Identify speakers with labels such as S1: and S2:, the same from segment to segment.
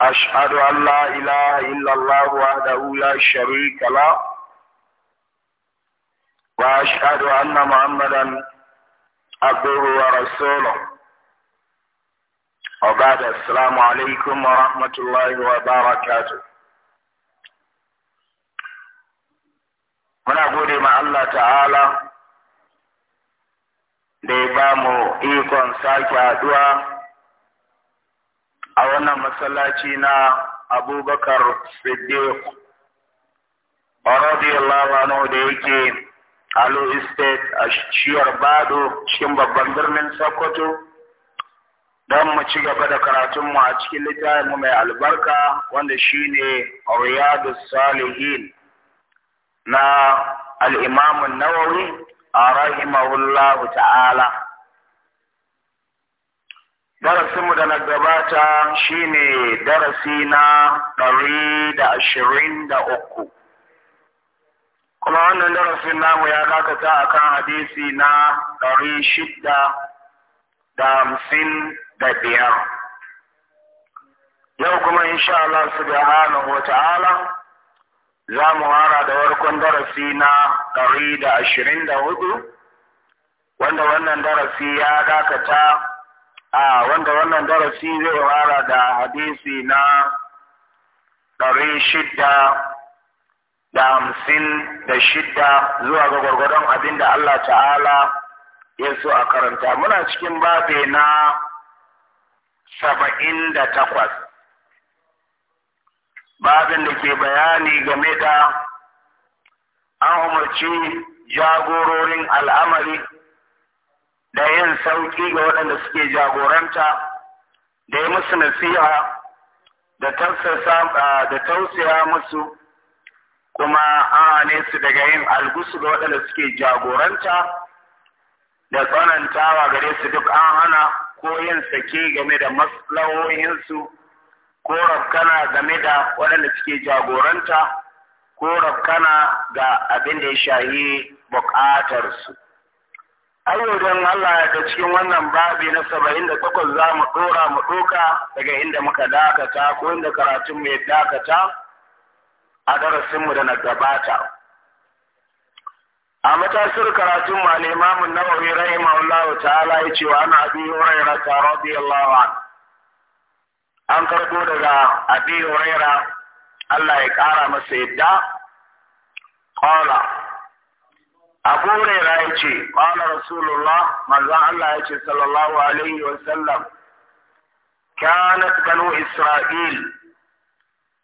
S1: أشهد أن لا إله إلا الله وحده لا شريك له وأشهد أن محمدا عبده ورسوله وبعد السلام عليكم ورحمة الله وبركاته muna gode ma Allah ta'ala da ya ba mu ikon sake haduwa a wannan masallaci na abubakar siddiq radiyallahu anhu da yake alo estate a shiyar bado cikin babban birnin sokoto don mu ci gaba da karatunmu a cikin littafinmu mai albarka wanda shine riyadu salihin na al'imamun nawawi a rahimahullahu ta'ala darasinmu da na gabata shine darasi na ɗari da ashirin da uku kuma wannan darasin namu ya dakata a kan hadisi na ɗari shida da hamsin da biyar yau kuma insha Allah subhanahu wa ta'ala za mu hara da warkon darasi na ɗari da ashirin da hudu wanda wannan darasi ya dakata a wanda wannan darasi zai fara da hadisi na ɗari shidda da hamsin da shidda zuwa ga gwargwadon abin da Allah ta'ala ya so a karanta muna cikin babe na saba'in da takwas babin da ke bayani game da an umarci jagororin al'amari da yin sauƙi ga waɗanda suke jagoranta da yi musu nasiha da tausaya musu kuma an su daga yin algusu ga waɗanda suke jagoranta da tsanantawa gare su duk an hana ko yin sake game da maslahohinsu ko rafkana game da waɗanda suke jagoranta ko rafkana ga abin da ya shahi buƙatarsu. ayyudan Allah da cikin wannan babi na saba'in da takwas za mu ɗora mu ɗoka daga inda muka dakata ko inda karatun mai dakata a darasinmu da na gabata. A matasir karatun ma ne mamun nawawi rahimahullahu ta'ala ya ce wa ana abi huraira ta an. An karɓo daga abi Allah ya ƙara masa yadda. kola. abu raira ya ce ƙwala rasulullah manzan Allah ya ce sallallahu alaihi wa sallam Kyanat banu isra'il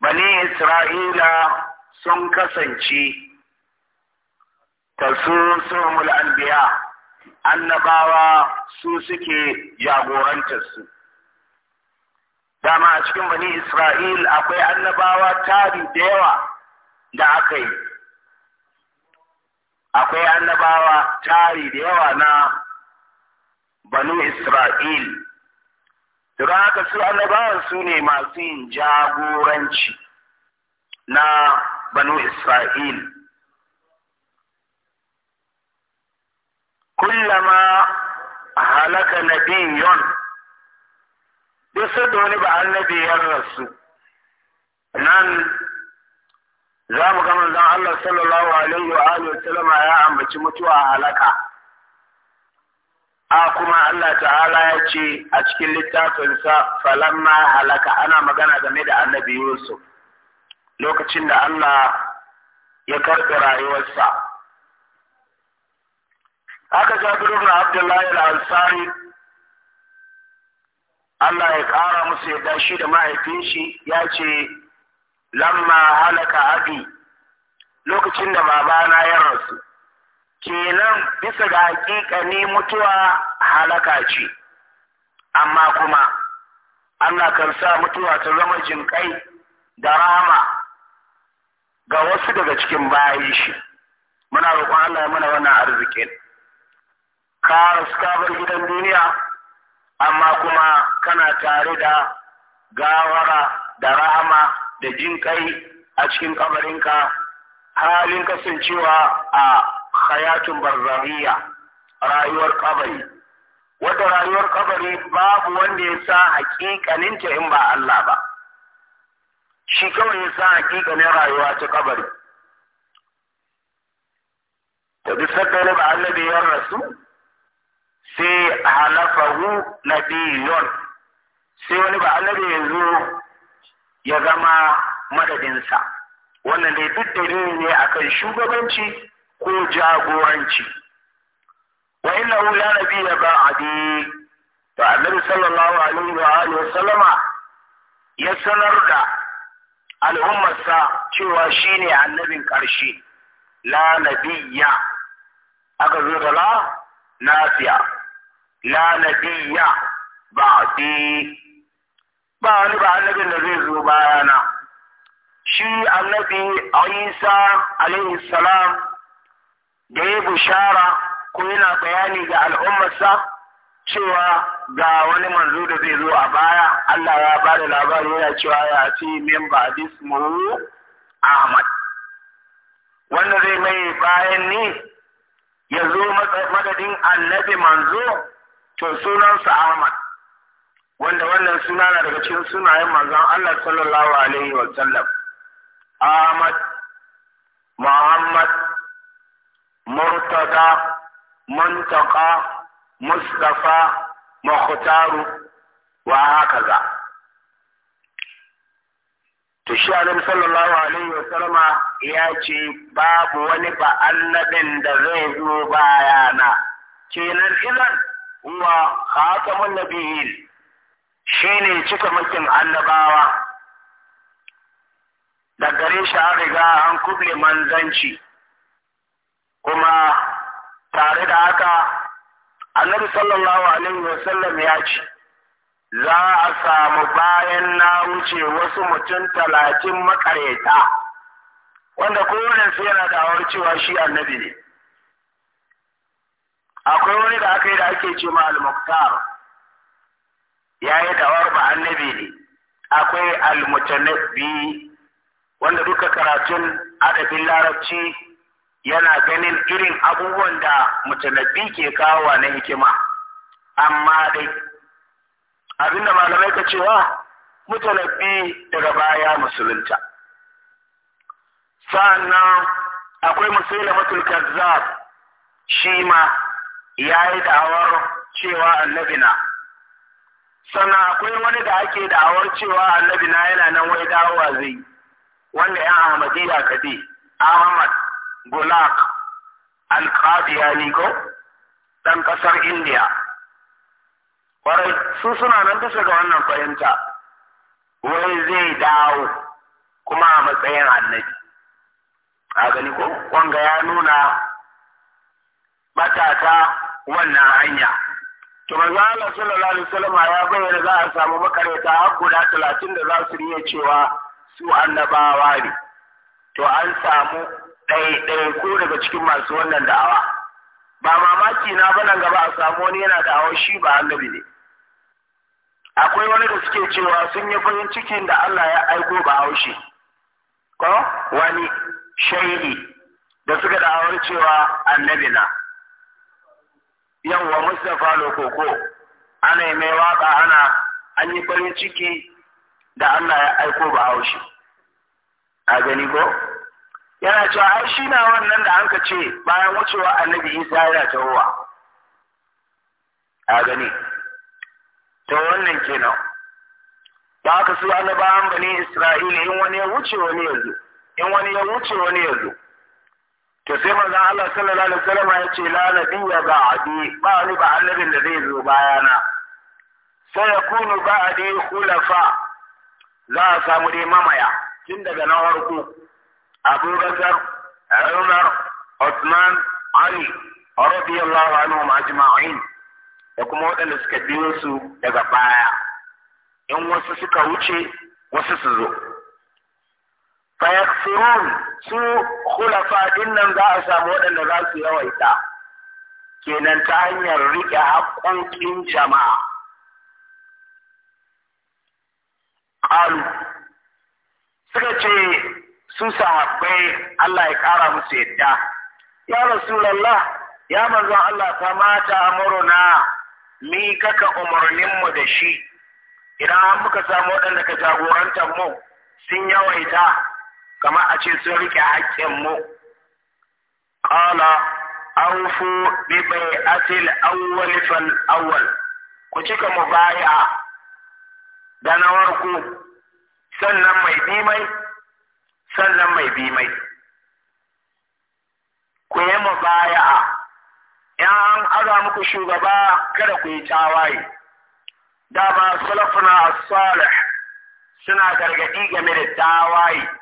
S1: bani isra'ila sun kasance an anbiya annabawa su suke jagorantarsu dama a cikin bani isra'il akwai annabawa tari da yawa da aka yi akwai annabawa tari da yawa na banu Isra'il. Daga haka su annabawan su ne masu yin jagoranci na banu Isra'il. Kullama halaka nabiyon duk da wani ba annabi ya rasu nan za mu gama zan Allah sallallahu alaihi wa alihi wasallam ya ambaci mutuwa halaka a kuma Allah ta'ala ya ce a cikin littafinsa falamma halaka ana magana game da annabi Yusuf lokacin da Allah ya karɓi rayuwarsa haka Jabir ibn Abdullahi al-Ansari Allah ya kara musu yadda shi da mahaifin shi ya ce lamma halaka abi lokacin da babana ya rasu kenan bisa ga hakika ni mutuwa halaka ce amma kuma Allah kan sa mutuwa ta zama jinƙai da rama ga wasu daga cikin bayan shi muna roƙon Allah ya mana wannan arzikin ka rasu ka bar gidan duniya amma kuma kana tare da gawara da rahama da jin kai a cikin kamarinka halin kasancewa a hayatun barzahiya rayuwar kabari wata rayuwar kabari babu wanda ya sa hakikaninta in ba Allah ba shi kawai ya sa hakikanin rayuwa ta kabari da duk sadda ba Allah da ya rasu sai halafahu nabiyon sai wani ba Allah ya zo ya zama madadinsa wannan dai duk dalili ne akan shugabanci ko jagoranci wa innahu la nabiyya ba'di to annabi sallallahu alaihi wa alihi Salama. ya sanar da al'ummarsa cewa shine annabin ƙarshe la nabiyya aka zo da la nafiya la nabiyya ba'di ba wani ba annabin da zai zo bayana shi annabi isa alaihi salam da ya bushara ko yana bayani ga al'ummarsa cewa ga wani manzo da zai zo a baya Allah ya ba da labari yana cewa ya ce min ba mu Ahmad wanda zai mai bayan ni ya zo madadin annabi manzo to sunansa Ahmad wanda wannan suna na daga cikin sunayen manzon Allah sallallahu alaihi wa sallam Ahmad Muhammad
S2: Murtada
S1: Muntaka Mustafa Mukhtaru wa hakaza to shi annabi sallallahu alaihi wa sallama ya ce babu wani ba annabin da zai zo bayana kenan idan wa khatamun nabiyyin shi ne cika makin annabawa da gare shi an riga an kuble manzanci kuma tare da haka annabi sallallahu alaihi wasallam ya ce za a samu bayan na wuce wasu mutum talatin makareta wanda kowane yana yana awar cewa shi annabi ne akwai wani da aka yi da ake ce ma al-muktar ya yi dawar ba annabi ne akwai almutanabbi wanda duka karatun adabin larabci yana ganin irin abubuwan da mutanabbi ke kawo na hikima amma dai abinda malamai ka cewa mutanabbi daga baya musulunta sa'annan akwai matulkar kazzab shi ma ya yi dawar cewa annabi na Sana akwai wani da ake da'awar cewa annabi na yana nan wai dawowa zai wanda yan ahmadiyya kadi ahmad gulak alqadiyani ko dan kasar india kwarai su suna nan bisa ga wannan fahimta wai zai dawo kuma a matsayin annabi a gani ko wanga ya nuna matata wannan hanya to za a sallallahu alaihi wasallam ya bayyana za a samu makareta har guda talatin da za su riye cewa su annabawa ne to an samu ɗaiɗai ko daga cikin masu wannan da'awa ba mamaki na ba nan gaba a samu wani yana da shi ba annabi ne akwai wani da suke cewa sun yi farin cikin da Allah ya aiko ba haushi ko wani shaidi da suka da'awar cewa annabi na yawwa Mustapha Lokoko ana yi mai waka ana an yi farin ciki da Allah ya aiko ba haushi a gani ko yana cewa ai shi na wannan da an ce bayan wucewa annabi Isa yana tawowa a gani ta wannan kenan Ba haka su annabawan bani Isra'ila in wani ya wuce wani yanzu in wani ya wuce wani yanzu to sai manzo Allah sallallahu alaihi wasallam ya ce la nabiyya ba'di ba ni ba annabin da zai zo bayana sai ya kunu ba'di khulafa za a samu dai mamaya tun daga na farko Abubakar Umar Uthman Ali radiyallahu anhum ajma'in da kuma waɗanda suka biyo su daga baya in wasu suka wuce wasu su zo fayaksirun su khulafa din nan za a samu waɗanda za su yawaita kenan ta hanyar riƙe haƙƙoƙin jama'a ƙalu suka ce su sahabbai Allah ya ƙara musu yadda ya rasulallah ya manzo Allah ta mata amuruna mi kaka umarnin mu da shi idan an muka samu waɗanda ka jagorantar mu sun yawaita kama a ce sun rike haƙƙin mu qala awfu bi bai'atil awwal fal awwal ku cika mu mubaya da na warku sannan mai bi mai sannan mai bi mai ku yi mu mubaya in an aza muku shugaba kada ku yi tawaye Da dama salafuna as-salih suna gargadi game da tawaye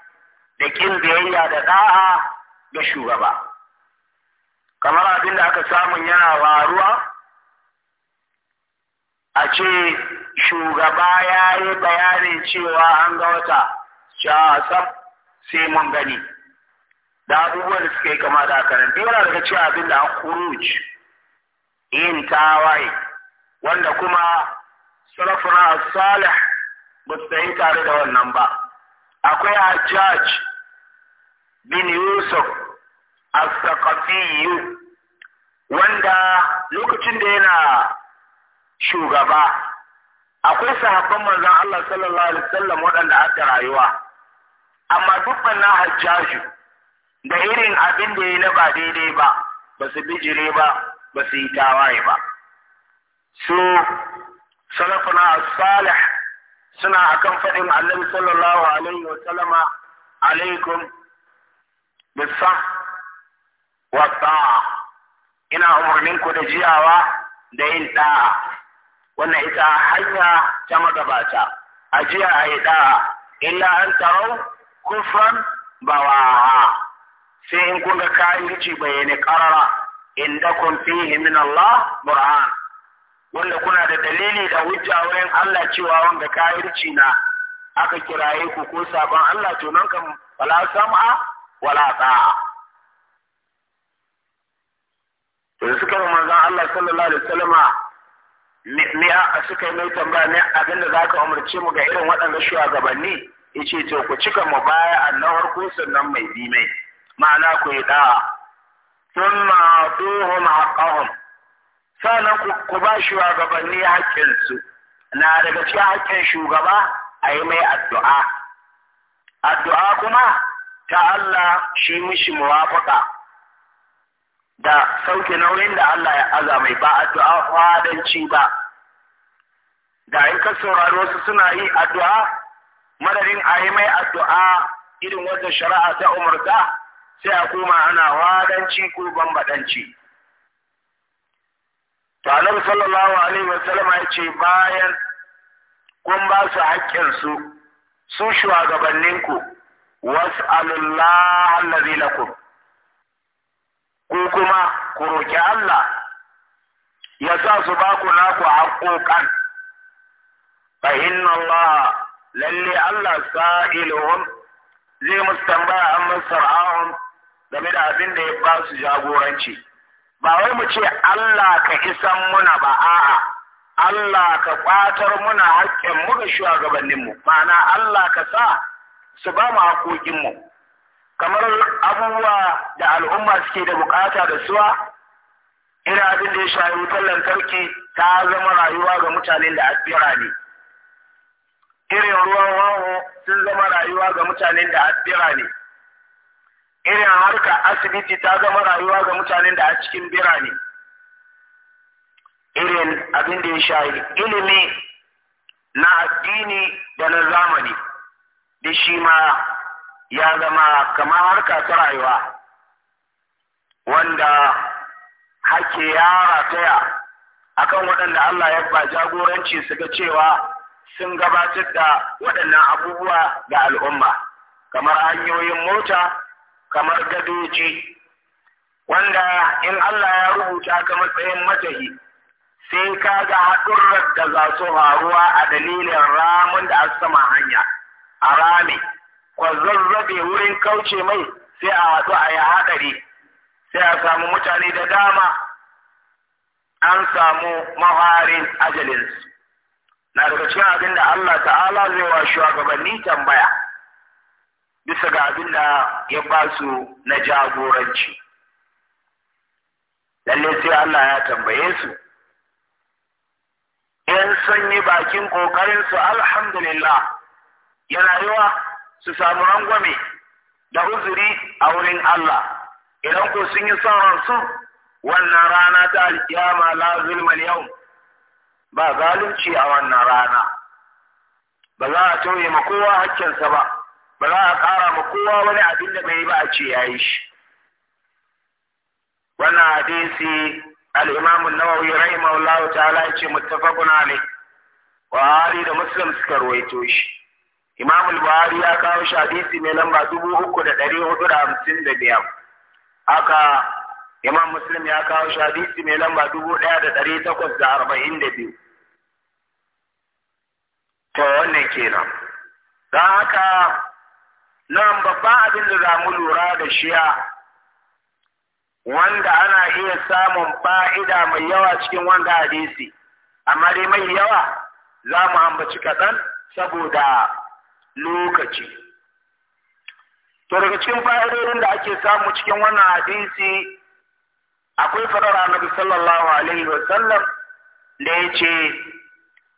S1: da kin biyayya da da'a ga shugaba kamar abin da aka samu yana waruwa a ce shugaba ya yi bayanin cewa an ga wata shasab sai mun gani da abubuwan da suka yi kama da haka nan yana daga cewa abin da kuruj yin tawaye wanda kuma sarafuna salih ba su tare da wannan ba akwai hajjaj bin yusuf al wanda lokacin da yana shugaba akwai sahabban manzan Allah sallallahu alaihi wasallam waɗanda aka rayuwa amma dukkan na hajjaju da irin abin da ya na ba daidai ba ba su bijire ba ba su yi tawaye ba su salafuna salih suna akan faɗin annabi sallallahu alaihi wa sallama alaikum bisah wa ta'a ina umarnin ku da jiyawa da yin ɗa'a. wannan ita hanya ta magabata a jiya a yi ɗa'a. illa an tarau kufran bawaha sai in kun ga kayan gici bayani karara inda kun fi min Allah burhan wanda kuna da dalili da hujja wurin Allah cewa wanda kafirci na aka kiraye ku ko sabon Allah to nan kan wala sam'a wala ta'a to suka yi manzon Allah sallallahu alaihi wasallama a suka yi mai tambaya ne abin da zaka umarce mu ga irin waɗanda shugabanni yace to ku cika mu baya annawar ku sannan mai bi mai ma'ana ku yi da'a thumma tu'hum haqqahum sannan ku ba shugabanni haƙƙinsu na daga cikin hakkin shugaba a yi mai addu'a addu'a kuma ta Allah shi mishi muwafaka da sauke nauyin da Allah ya aza mai ba addu'a fadanci ba da in ka saurari wasu suna yi addu'a madadin a yi mai addu'a irin wanda shari'a ta umarta sai a koma ana wadanci ko bambadanci. Tanar sallallahu alaihi wasallam ya ce bayan kun ba su haƙƙinsu su shugabanninku wasu ku was'alullaha allazi lakum ku kuma ku roki Allah ya sa su ba ku naku haƙoƙan fa inna Allah lalle Allah sa'iluhum zai musu tambaya an masar'ahum game da abin da ya ba su jagoranci ba wai mu ce Allah ka isan muna ba a'a Allah ka kwatar muna haƙƙin mu ga shugabannin mu ma'ana Allah ka sa su ba mu mu kamar abubuwa da al'umma suke da bukata da suwa ina abin da ya shayi wutar lantarki ta zama rayuwa ga mutanen da asbira ne irin ruwan waho sun zama rayuwa ga mutanen da asbira ne irin harka asibiti ta zama rayuwa ga mutanen da a cikin birane irin abin da ya shayi ilimi na addini da na zamani da shi ma ya zama kamar harka ta rayuwa wanda hake ya rataya akan waɗanda Allah ya ba jagoranci su ga cewa sun gabatar da waɗannan abubuwa ga al'umma kamar hanyoyin mota kamar gadoji
S2: wanda in Allah ya rubuta
S1: ka matsayin matahi sai ka ga haɗurrar da za su faruwa a dalilin ramin da aka sama hanya a rami kwazazzabe wurin kauce mai sai a haɗu a yi haɗari sai a samu mutane da dama an samu maharin ajalinsu na daga cikin abin da Allah ta'ala zai wa shugabanni tambaya bisa ga abin da ya ba su na jagoranci lalle sai Allah ya tambaye su Yan sanyi bakin ƙoƙarinsu alhamdulillah yana yawa su samu rangwame da uzuri a wurin Allah idan ku sun yi sauransu wannan rana ta alƙiyama la zulmal yau ba zalunci a wannan rana ba za a tauye ma kowa hakkinsa ba ba za a ƙara ma kowa wani abin da bai ba a ce ya yi shi wannan hadisi nawawi rai an ta ala ce yace kuna ne. Buhari da Muslim suka ruwaito shi imamu buhari ya kawo shi hadisi mai lamba dubu uku da da da hudu hamsin biyar. haka Imam Muslim ya kawo shi hadisi mai lamba dubu da da da takwas arba'in biyu. to wannan kenan don haka nan babban abin da za mu lura da shiya wanda ana iya samun fa'ida mai yawa cikin wanda hadisi amma dai mai yawa za mu ambaci kaɗan saboda lokaci to daga cikin fa'idodin da ake samu cikin wannan hadisi akwai faɗar annabi sallallahu alaihi wa sallam da ya ce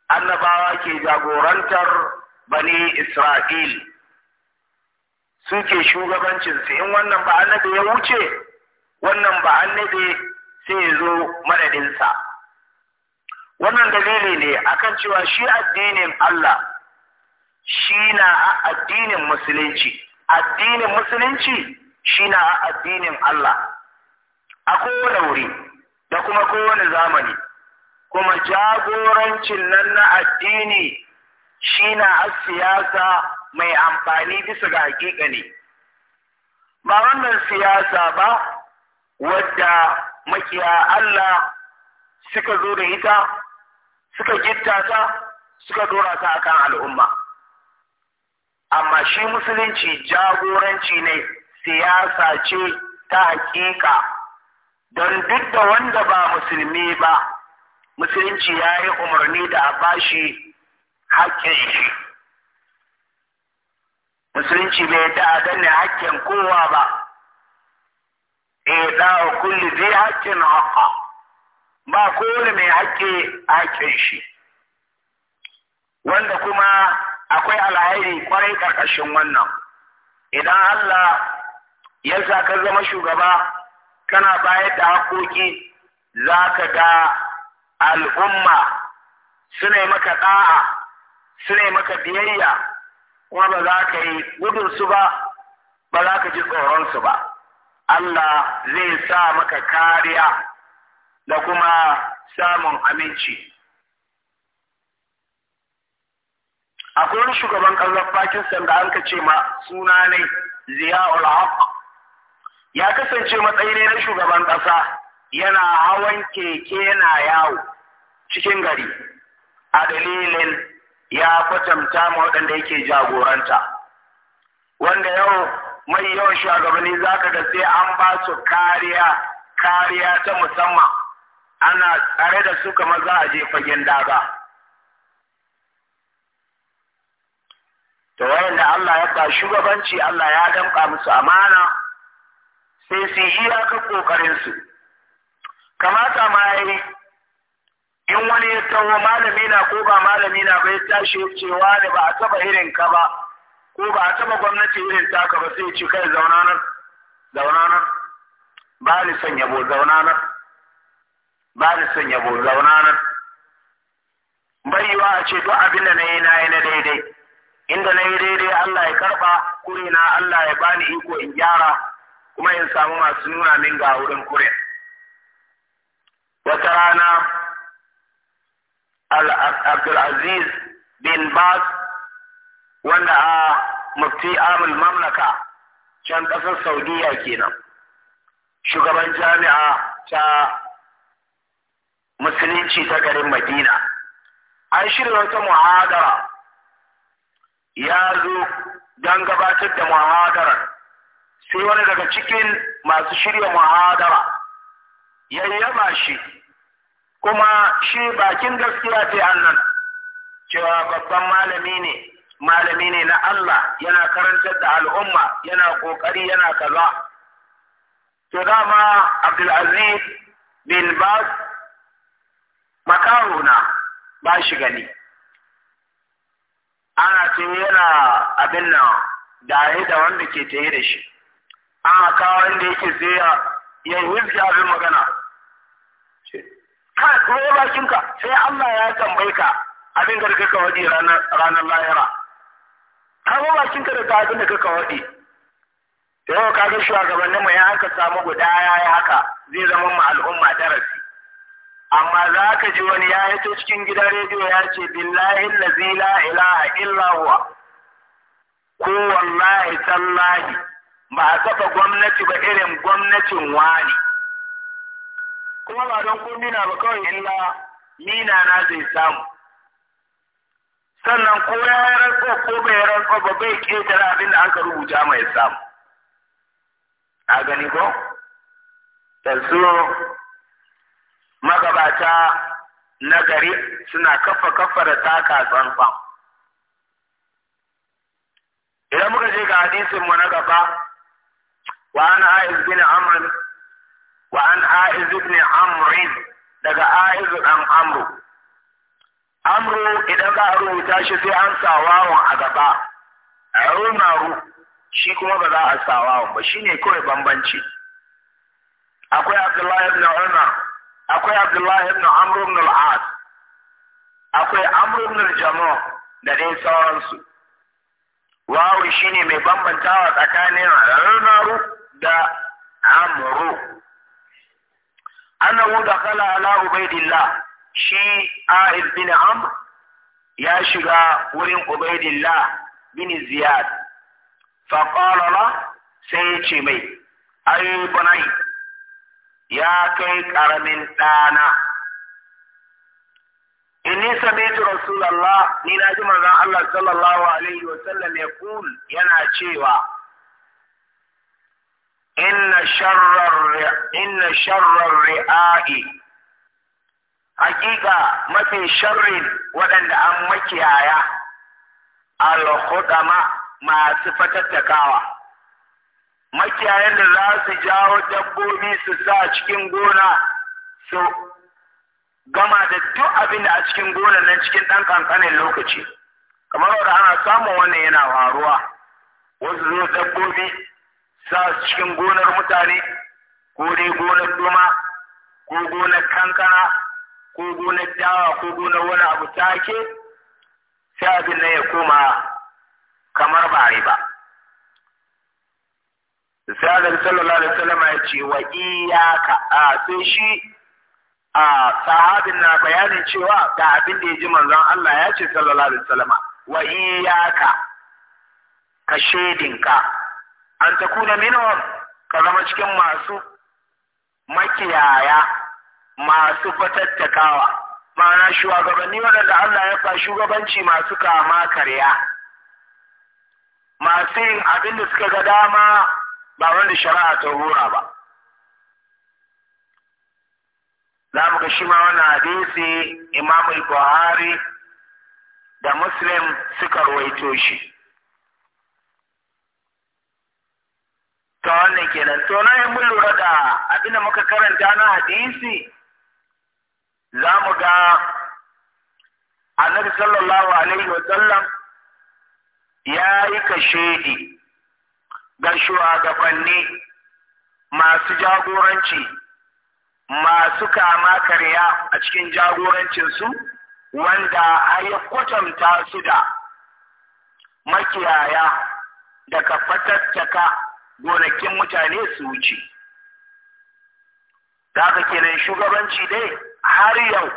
S1: annabawa ke jagorantar bani isra'il suke shugabancinsu in wannan ba annabi ya wuce wannan ba annabi sai ya zo madadinsa wannan dalili ne akan cewa shi addinin Allah shi na addinin musulunci addinin musulunci shi na addinin Allah a kowane wuri da kuma kowane zamani kuma jagorancin nan na addini shi na siyasa mai amfani bisa ga hakika ne ba wannan siyasa ba wadda makiya Allah suka zo da ita suka gitta ta suka dora ta akan al'umma amma shi musulunci jagoranci ne siyasa ce ta hakika don duk da wanda ba musulmi ba musulunci ya yi umarni da a bashi haƙƙin shi musulunci bai da danne hakkin kowa ba eh da kulli zai hakkin haka ba kowane mai hakke hakkin shi wanda kuma akwai alhairi kwarai karkashin wannan idan Allah ya sa ka zama shugaba kana bayar da hakoki za ka ga al'umma suna maka da'a suna maka biyayya kuma ba za ka yi gudun su ba ba za ka ji tsoron su ba Allah zai sa maka kariya da kuma samun aminci akwai wani shugaban ƙasar Pakistan da an ka ce ma suna ne Ziyaul Haq ya kasance matsayi ne na shugaban ƙasa yana hawan keke na yawo cikin gari a dalilin ya kwatanta ma waɗanda yake jagoranta wanda yau mai yawan shugabanni za ka ga sai an ba su kariya kariya ta musamman ana tsare da su kamar za a je fagen daga wayan da Allah ya ba shugabanci Allah ya damƙa musu amana sai su yi iyakar ƙoƙarinsu kamata ma ya yi in wani ya taho malami na ko ba malami na ba bai tashi cewa ne ba a taba irin ka ba ko ba a taba gwamnati irin taka ba sai ci kai zauna nan zauna nan ba ni son yabo zauna nan ba ni son yabo zauna nan a ce duk abin da na yi na yi na daidai inda na yi daidai Allah ya karba kurina Allah ya bani iko in gyara kuma in samu masu nuna min ga wurin kurin wata rana Abdulaziz bin Bas wanda a mufti amul mamlaka can ƙasar Saudiya kenan. Shugaban jami'a ta musulunci ta garin Madina. An shirya wata muhadara ya zo don gabatar da muhadarar sai wani daga cikin masu shirya muhadara ya shi kuma shi bakin gaskiya ce annan cewa babban malami ne malami ne na Allah yana karantar da al'umma yana kokari yana kaza to dama Abdulaziz bin Baz makaruna ba shi gani ana ce yana abin nan da da wanda ke tayi da shi an kawo wanda yake zai ya yi abin magana ka kuma bakinka sai Allah ya tambaye ka abin da kaka wadi ranar ranar lahira ka kuma bakinka da abin da kaka wadi yau ka ga shugabannin mu ya aka samu guda ya yi haka zai zama mu al'umma darasi amma za ka ji wani ya yi ta cikin gidan rediyo ya ce billahi lazi la ilaha illa huwa ko wallahi tallahi ba a kafa gwamnati ba irin gwamnatin wani kuma ba don komi na ba kawai illa mina na zai samu sannan ko ya yi ko bai ya ba bai ƙetare abin da aka rubuta mai samu a gani ko yanzu magabata na gari suna kafa kafa da taka tsantsan idan muka je ga hadisin mu na gaba wa ana aiz gina wa an aiz ibn amr daga aiz dan amru amru idan za a rubuta shi sai an sa wawan a gaba umaru shi kuma ba za a sa wawan ba shine kawai bambanci akwai abdullahi ibn umar akwai abdullahi ibn amr ibn al-as akwai amr ibn al-jamu da dai sauransu wawu shine mai bambantawa tsakanin umaru da amru annahu dakhala ala ubaidillah shi a'id bin amr ya shiga wurin ubaidillah bin ziyad fa qala la sai ya ce mai ai bunai ya kai karamin dana inni sami'tu rasulullah ni na ji manzon Allah sallallahu alaihi wa sallam ya yana cewa inna sharar ri'a'i hakika mafi sharrin waɗanda an makiyaya al ma masu fatattakawa makiyayan da za su jawo dabbobi su sa cikin gona su gama da duk abin da a cikin gona nan cikin ɗan kankanin lokaci kamar wanda ana samun wannan yana faruwa wasu zo dabbobi sa cikin gonar mutane ko dai gonar doma ko gonar kankana ko gonar dawa ko gonar wani abu take sai abin nan ya koma kamar ba ba sai sallallahu alaihi wasallam ya ce wa iyaka a sai shi a sahabin na bayanin cewa ga abin da ya ji manzon Allah ya ce sallallahu alaihi wasallam wa iyaka ka shedinka an ta kuna minhum ka zama cikin masu makiyaya masu fatattakawa ma'ana shugabanni waɗanda Allah ya fa shugabanci masu kama karya masu yin abin da suka ga dama ba wanda shari'a ta hura ba za mu ga shi ma wannan hadisi imamu Buhari da Muslim suka ruwaito shi ta wannan kenan to na yi mun lura da abinda muka karanta na hadisi za mu ga annabi sallallahu alaihi wa sallam ya yi kashedi ga shugabanni masu jagoranci masu kama karya a cikin jagorancinsu wanda a yi kwatanta su da makiyaya daga fatattaka gonakin mutane su wuce da aka kenan shugabanci dai har yau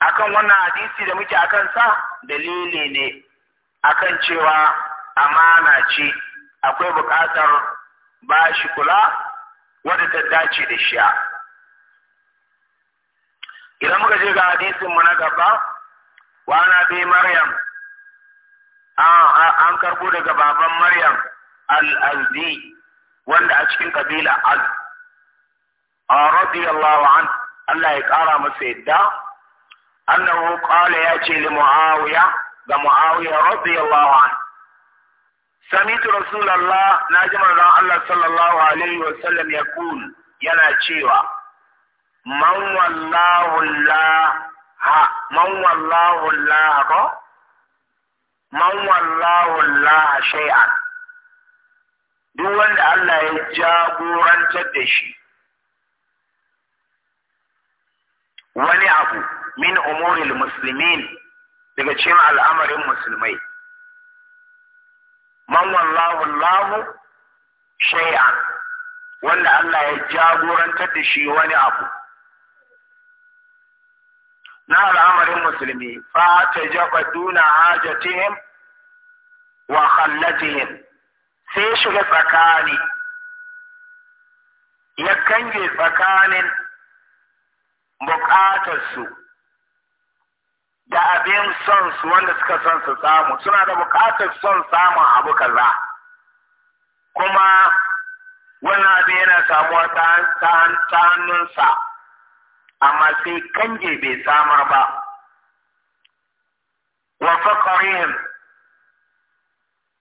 S1: akan wannan hadisi da muke akan sa dalili ne akan cewa amana ce akwai bukatar ba shi kula wadda ta dace da shi idan muka je ga hadisin mu na gaba wa na bi maryam ah, ah, an karbo daga baban maryam al wanda a cikin ƙabila kabila A radiyallahu an Allah ya ƙara masa yadda annahu qala ya ce li muawiya ga muawiya radiyallahu an samitu rasulullah naji manzon Allah sallallahu alaihi wa sallam ya yaqul yana cewa man wallahu la ha man wallahu la man wallahu la shay'an duk wanda Allah ya jagorantar da shi wani abu min umuril muslimin daga cikin al'amarin musulmai man wallahu Allahu shay'an wanda Allah ya jagorantar da shi wani abu na al'amarin musulmi fa ta jaba duna hajatihim wa khallatihim sai shiga tsakani ya kange tsakanin bukatarsu da abin son su wanda suka son su samu suna da bukatar son samun abu kaza kuma wannan abin yana samuwa ta hannunsa amma sai kange bai samar ba wa faƙarihim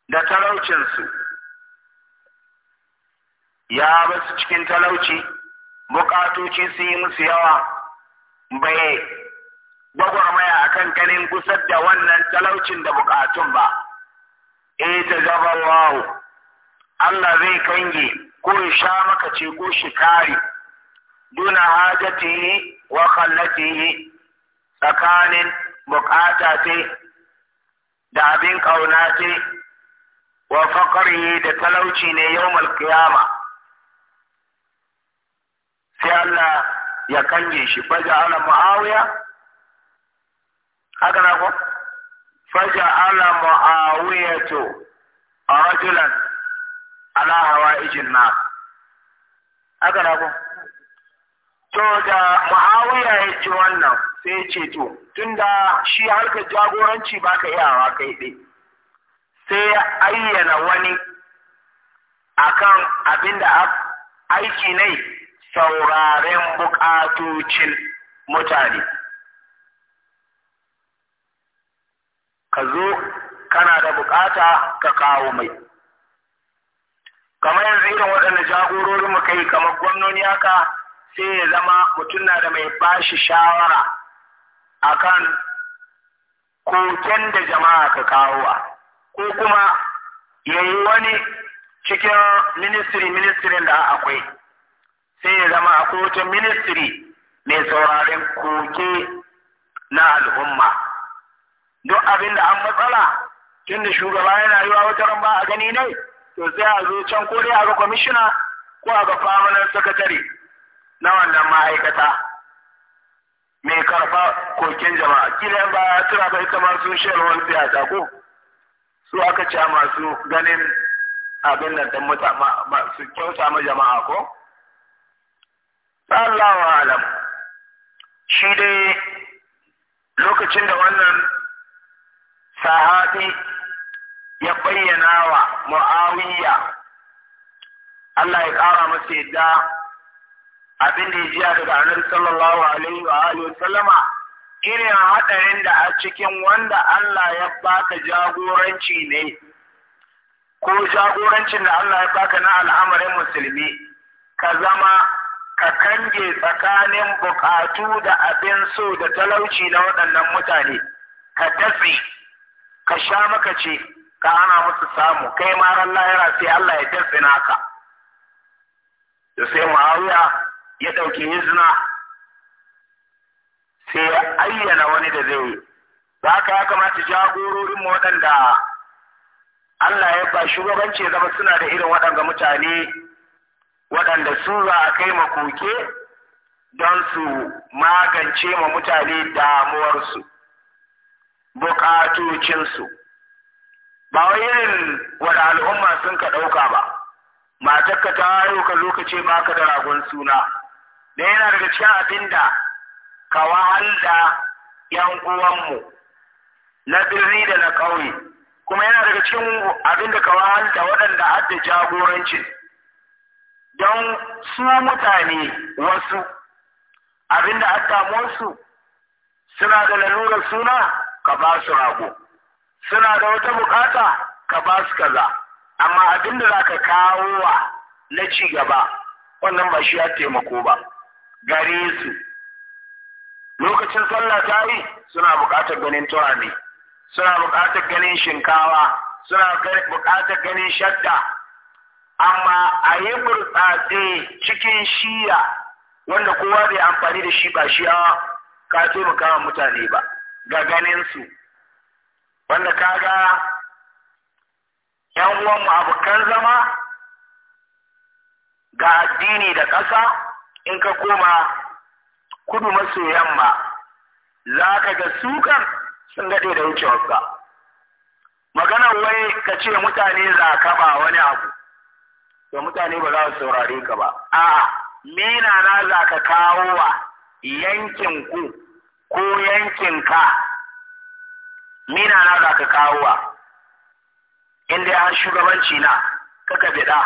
S1: da talaucinsu ya basu cikin talauci bukatoci su yi musu yawa bai gwagwarmaya a kan ganin kusa da wannan talaucin da bukatun ba e ta gaba wawo Allah zai kange ko sha maka ce ko shi kare duna hajatihi wa kallati tsakanin bukata ce da abin kauna ce wa faƙari da talauci ne yau mulkiyama. sai Allah ya kange shi faja ala muawiya haka na ko faja ala muawiya to a rajulan ala ijin na haka na ko to da muawiya ya ci wannan sai ya ce to tunda shi harkar jagoranci ba ka iyawa kai ɗai sai ya ayyana wani akan abinda aiki yi sauraren bukatocin mutane ka zo kana da bukata ka kawo mai kamar yanzu irin waɗanda jagororin mu kai kamar gwamnoni haka sai ya zama mutum na da mai bashi shawara akan koken da jama'a ka kawo ko kuma yayi wani cikin ministry ministry da akwai sai ya zama akwai wata ministry mai sauraren koke na al'umma duk abin da an matsala tun da shugaba yana yiwa wata ba a gani ne to sai a zo can ko dai a ga kwamishina ko a ga famanan sakatare na wannan ma'aikata mai karfa kokin jama'a kila ba tura ba ita masu shelwan siyasa ko su aka ce masu ganin abin nan dan mutane su kyauta ma jama'a ko Allah alam shi dai lokacin da wannan sahabi ya bayyana wa mu'awiya Allah ya ƙara masa yadda abin da ya jiya daga annabi sallallahu alaihi wa alihi sallama irin haɗarin da a cikin wanda Allah ya baka jagoranci ne ko jagorancin da Allah ya baka na al'amarin musulmi ka zama ka kange tsakanin bukatu da abin so da talauci na waɗannan mutane ka datse ka sha maka ce ka ana musu samu kai ma ran lahira sai Allah ya datse naka da sai Muawiya ya ɗauki hizna sai ya ayyana wani da zai Ba ka ya kamata jagororin waɗanda Allah ya ba shugabanci zama suna da irin waɗanga mutane waɗanda su za a kai makoke don su magance ma mutane damuwarsu bukatocinsu ba wai irin wani al'umma sun ka ɗauka ba matarka ta hayo ka lokaci ba ka da ragon suna da yana daga cikin abin da ka wahala yan uwanmu na birni da na ƙauye kuma yana daga cikin abin da ka wahala waɗanda adda jagorancin don su mutane wasu abinda aka su, suna da lalurar suna ka ba su rago suna da wata bukata ka ba su kaza amma abinda za ka kawo wa na ci gaba wannan ba shi ya taimako ba gare su lokacin sallah ta yi suna bukatar ganin turami suna bukatar ganin shinkawa suna bukatar ganin shadda amma a yi burtsatse cikin shiya wanda kowa zai amfani da shi ba shi a ka taimaka mutane ba ga ganinsu wanda kaga yan uwanmu abokan zama ga addini da ƙasa in ka koma kudu maso yamma za ka ga sukan sun daɗe da wucewarsa magana wai ka ce mutane za ka ba wani abu to mutane ba za su saurare ka ba a'a mena na za ka kawo wa yankin ku ko yankin ka mena na za ka kawo wa inda an shugabanci na kaka bida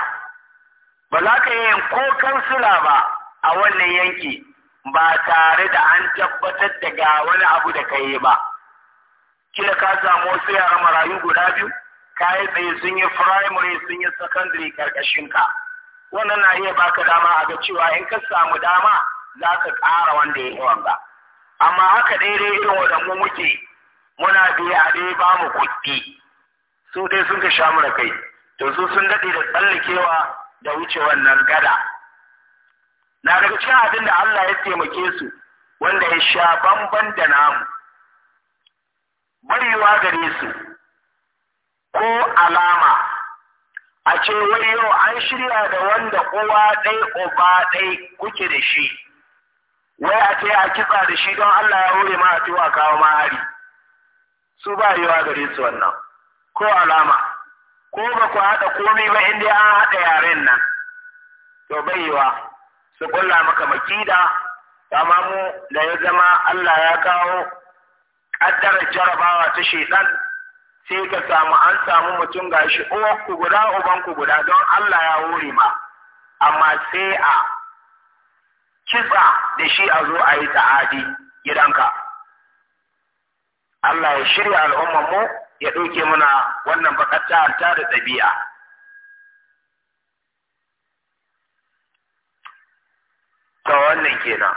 S1: ba za ka yi ko kansila ba a wannan yanki ba tare da an tabbatar da ga wani abu da ka yi ba kila ka samu wasu yaran marayu guda biyu kayi tsaye sun yi primary sun yi secondary karkashin ka wannan na iya baka dama a ga cewa in ka samu dama za ka ƙara wanda ya yi wanga amma haka daidai irin mu muke muna biya a dai ba mu kuɗi su dai sun ka sha mu kai to su sun daɗe da tsallakewa da wuce wannan gada na daga cikin abin da Allah ya taimake su wanda ya sha bamban da namu barewa gare su ko alama a ce wai yau an shirya da wanda uwa ɗai uba ɗai kuke da shi wai a ce a kitsa da shi don Allah ya hore ma a tuwa kawo mahari su ba yiwa gare su wannan ko alama ko ba ku haɗa komai ba inda an haɗa yaren nan to bai yiwa su kulla maka makida amma mu da ya zama Allah ya kawo ƙaddarar jarabawa ta shaitan sai ka samu an samu mutum gashi uwar ku guda uban ku guda don Allah ya wuri ma amma sai a kitsa da shi a zo a yi ta'adi gidanka Allah ya shirya al'ummar mu ya ɗauke muna wannan bakatta ta da ɗabi'a ta wannan kenan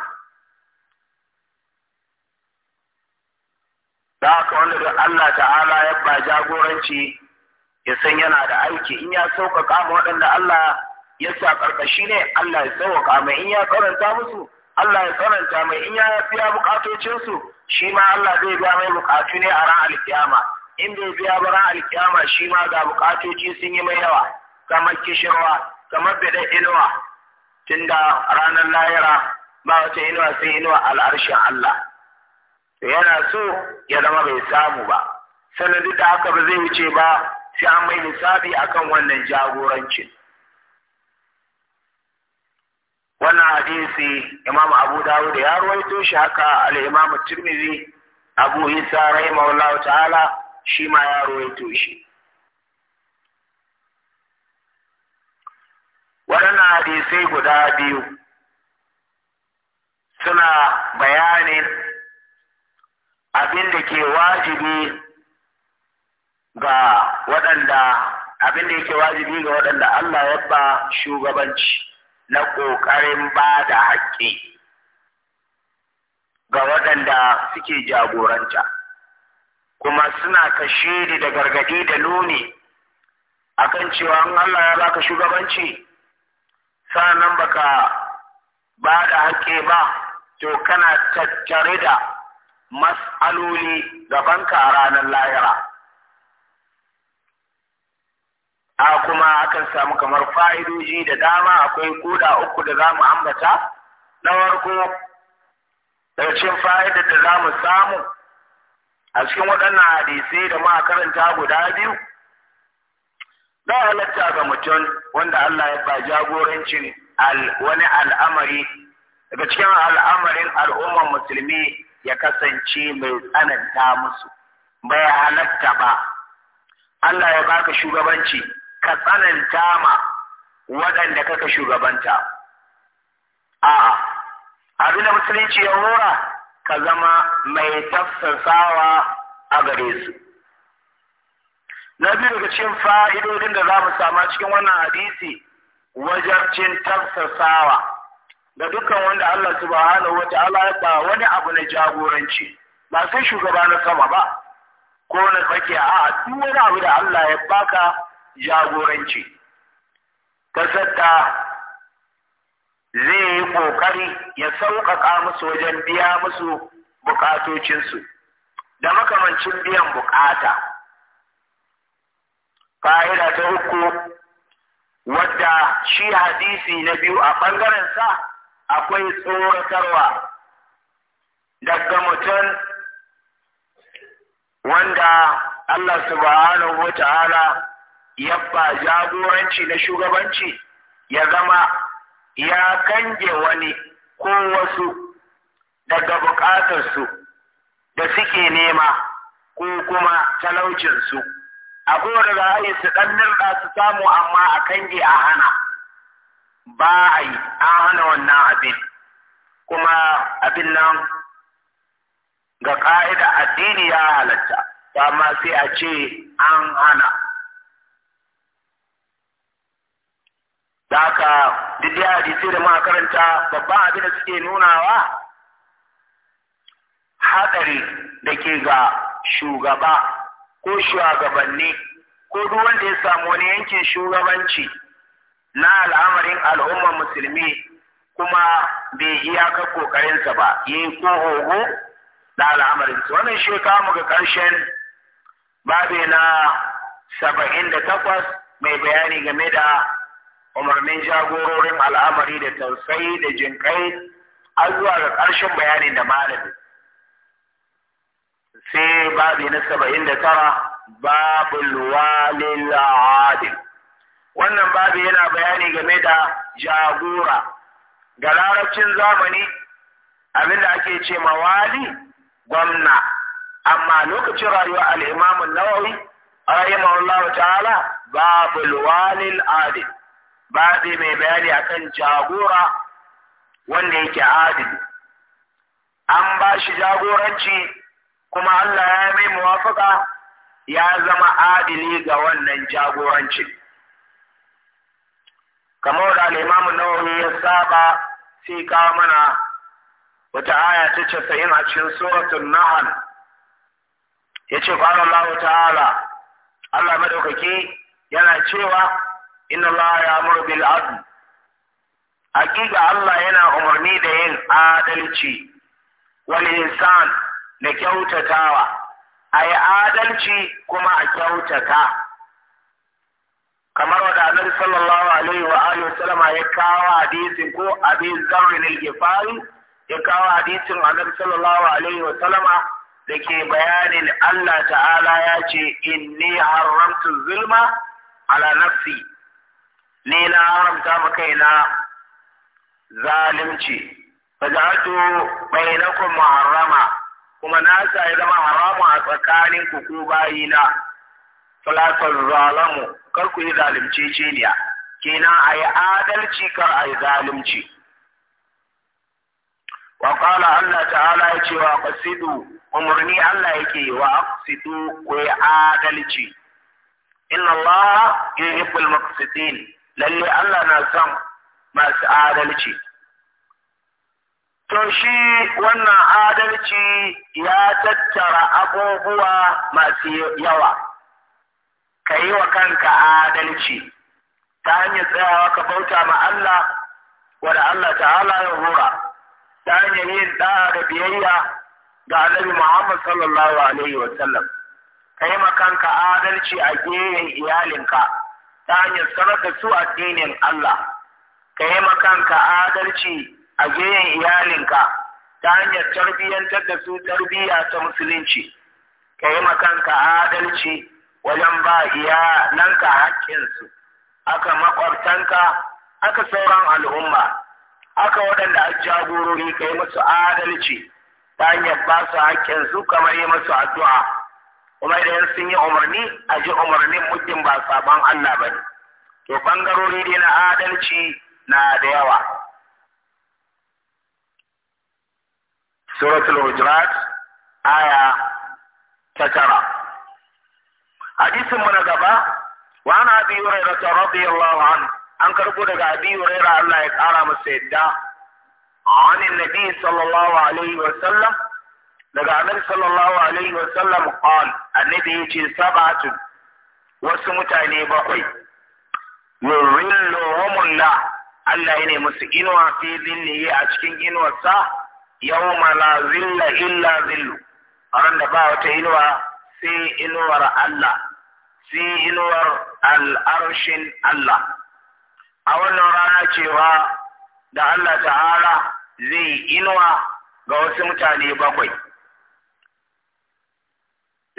S1: da haka wanda da Allah ta'ala ya ba jagoranci ya san yana da aiki in ya sauƙaƙa ma waɗanda Allah ya sa ƙarƙashi ne Allah ya sauƙaƙa mai in ya karanta musu Allah ya karanta mai in ya biya buƙatocinsu shi ma Allah zai biya mai buƙatu ne a ran alkiyama in bai biya ba ran alkiyama shi ma ga buƙatoci sun yi mai yawa kamar kishirwa kamar bidan inuwa tunda ranar lahira, ba wata inuwa sai inuwa al'arshin Allah da yana so ya zama bai samu ba sannan da haka ba zai wuce ba sai an mai lissafi kan wannan jagorancin wannan hadisi imam abu dawud ya ruwaito shi haka al Turmizi, tirmidhi abu isa rahimahullahu ta'ala shi ma ya ruwaito shi waɗannan hadisai guda biyu suna bayanin abin da ke wajibi ga waɗanda abin da yake wajibi ga waɗanda Allah ya ba shugabanci na ƙoƙarin ba da haƙƙi ga waɗanda suke jagoranta kuma suna kashe da gargadi da nuni akan cewa in Allah ya baka shugabanci nan baka ba da haƙƙi ba to kana tattare da mas'aloli ka a ranar lahira a kuma akan samu kamar fa'idoji da dama akwai koda uku da za mu ambata na farko ɗarcin fa'idar da za mu samu a cikin waɗannan hadisai da ma karanta guda biyu za halatta ga mutum wanda Allah ya ba jagorancin wani al'amari daga cikin al'amarin al'umman musulmi ya kasance mai tsananta musu bai halatta ba Allah ya baka shugabanci ka tsananta ma waɗanda kaka shugabanta a abin da musulunci ya hora ka zama mai tafsasawa a gare su na biyu daga cikin fa'idodin da za mu samu cikin wannan hadisi wajen cin tafsasawa da dukkan wanda Allah subhanahu wa ta'ala ya ba wani abu na jagoranci ba sai shugaba na sama ba ko na tsakiya a duk wani abu da Allah ya baka jagoranci ta sadda zai yi kokari ya sauƙaƙa musu wajen biya musu bukatocinsu da makamancin biyan bukata fa'ida ta uku wadda shi hadisi na biyu a ɓangaren sa akwai tsoratarwa daga mutum wanda Allah subhanahu wa ta'ala ya ba jagoranci na shugabanci ya zama ya kange wani ko wasu daga bukatarsu da suke nema ko kuma talaucinsu. Abubuwa da za a yi su ɗan nirɗa su samu amma a kange a hana. ba a yi an hana wannan abin kuma abin nan ga ka'ida addini ya halatta ma sai a ce an hana Daka haka a da makaranta babban abin da suke nunawa haɗari da ke ga shugaba ko shugabanni ko duk wanda ya samu wani yankin shugabanci na al'amarin al'ummar musulmi kuma bai iya iyakar kokarinsa ba yi ko da al'amarin su wannan shi ka muka ga karshen babe na saba'in da takwas mai bayani game da umarnin jagororin al'amari da tausayi da jinkai har zuwa ga ƙarshen bayanin da malami sai babi na saba'in da tara babul walil adil wannan babu yana bayani game da jagora ga larabcin zamani abinda ake ce mawali gwamna amma lokacin rayuwa al'imamun nawawi rahimahullahu ta'ala babu walil adil babu mai bayani akan jagora wanda yake adil an ba shi jagoranci kuma Allah ya mai muwafaka ya zama adili ga wannan jagorancin kamar da al'imam nawawi ya saba sai kawo mana wata aya ta casa'in a cikin suratun nahal ya ce ƙwarar Allah ta'ala Allah madaukaki yana cewa inna Allah ya muru bil adl hakika Allah yana umarni da yin adalci wani insan na kyautatawa a yi adalci kuma a kyautata kamar wanda annabi sallallahu alaihi wa alihi wasallama ya kawo hadisin ko abin zamin al-gifari ya kawo hadisin annabi sallallahu alaihi wa sallama da ke bayanin Allah ta'ala ya ce inni haramtu zulma ala nafsi ni na haramta ma kaina zalunci faja'atu bainakum muharrama kuma na sa ya zama haramu a tsakaninku ko bayina falatar zalamu kar ku yi zalimce ceniya kenan a yi adalci kar a yi zalimci wa Allah ta'ala ya ce wa qasidu umarni Allah yake wa aqsidu ku yi adalci inna Allah yuhibbul muqsitin lalle Allah na son masu adalci To shi wannan adalci ya tattara abubuwa masu yawa, ka yi wa kanka adalci ta hanyar tsayawa ka bauta ma Allah wanda Allah ta'ala ya hura ta hanyar yin tsara da biyayya ga annabi Muhammad sallallahu alaihi wa sallam ka yi kanka adalci a gefen iyalinka ta hanyar sanar da su addinin Allah ka yi kanka adalci a gefen iyalinka ta hanyar tarbiyyantar da su tarbiyya ta musulunci ka yi kanka adalci wajen ba iya nanka haƙƙinsu aka makwabtanka aka sauran al'umma aka waɗanda a jagorori yi masu adalci ta hanyar ba su haƙƙinsu kamar yi musu addu'a kuma idan sun yi umarni a ji umarnin muddin ba sabon Allah ba ne to ɓangarori dai na adalci na da yawa suratul Hujrat, aya ta tara hadisin mu na gaba wa ana abi hurairah radiyallahu anhu an karbo daga abi hurairah Allah ya kara masa yadda عن النبي Sallallahu alaihi wa sallam. daga annabi sallallahu alaihi wa sallam qal annabi yace sab'atu wasu mutane bakwai yurilluhumullah Allah yana musu inuwa fi zillihi a cikin inuwarsa yawma la zilla illa zillu ran da ba wata inuwa sai inuwar Allah fi inuwar al'arshin Allah. A wannan rana cewa da Allah ta'ala zai inuwa ga wasu mutane bakwai.